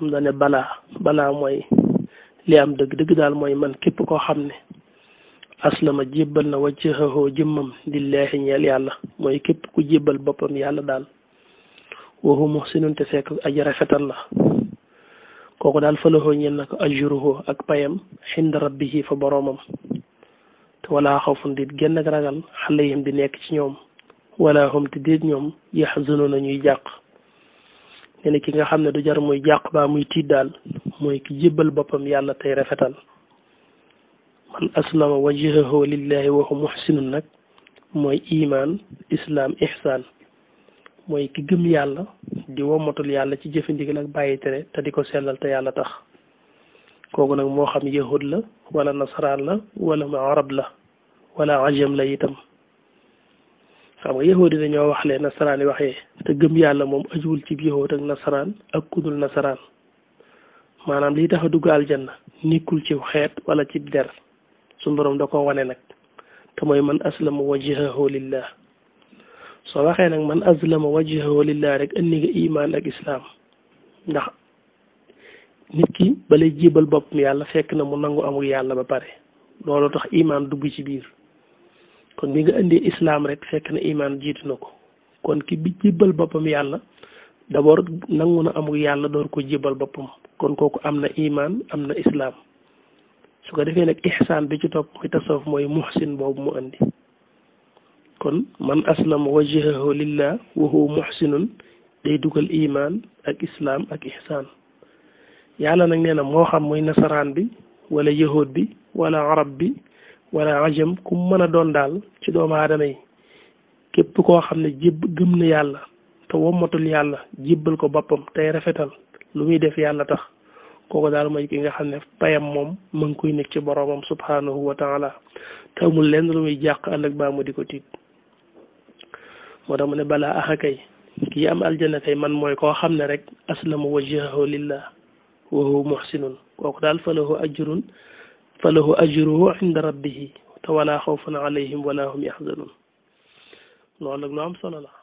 am na ne balaa balaa mooy li am dëgg dëgg daal mooy man képp koo xam ne a jébbal na wajhahu jëmmam lillaahi ñeel yàlla mooy képp ku jébbal boppam yàlla daal waxu muhsinun te fekk aji rafetal la kooku daal falahoo ñeel na ko ajruhu ak payam xinda rabbihi fa boroomam te wala xawfun dit genn ak ragal xalayhim di nekk ci ñoom wala hum te déet ñoom yaxzanuna ñuy jàq nee ki nga xam ne du jar mooy jàq baa muy tiit daal mooy ki jébbal boppam yàlla tey rafetal man aslama wajhahu lillahi wa huwa nag mooy iman islam ihsan mooy ki gëm yàlla di wommatul yàlla ci jëfandigal ak bàyyi tere te di ko sellal te yàlla tax kooku nag moo xam yahud la wala nasaraan la wala arab la wala ajam la itam xam nga yahudi dañoo wax le nasaraan yi waxee te gëm yàlla moom ajuwul ci yahud ak nasaraan ak kudul nasaraan maanaam lii tax a dugg aljanna nekkul ci xeet wala ci der suñ borom da ko wane nag te mooy man aslama wajhahu lillah soo waxee nag man aslama wajhahu lillah rek indi nga iman ak islam ndax nit ki balay jébal boppam yàlla fekk na mu nangu amul yàlla ba pare loolu tax iman dugg ci biir kon bi nga indee islam rek fekk na imaan jiitu na ko kon ki bi jibbal boppam yàlla d'abord nangu na amul yàlla door ko jibbal boppam kon kooku am na imaan am na islaam su ko defee nag ihsaan bi ci topp mooy tasawuf mooy muhsin boobu mu andi kon man aslama wajhahu lillah wa muhsinun day dugal imaan ak islam ak ihsaan yàlla nag nee na moo xam muy nasaraan bi wala yahud bi wala arab bi wala ajam ku mën a doon daal ci doomu aadama yi képp koo xam ne jébb gëm na yàlla te wommatul yàlla jibbal ko boppam tey rafetal lu muy def yàlla tax kooku daal mooy ki nga xam ne payam moom mu koy nekk ci boromam subhaanahu wa taala te amul lenn lu muy jàq ëllëg baa mu di ko tiit moo tax mu ne balaa axa kay kii am aljana kay man mooy koo xam ne rek aslama wajhahu lillah wa huwa muhsinun kooku daal falahu ajrun فله أجره عند ربه ولا خوف عليهم ولا هم يحزنون لولا نعم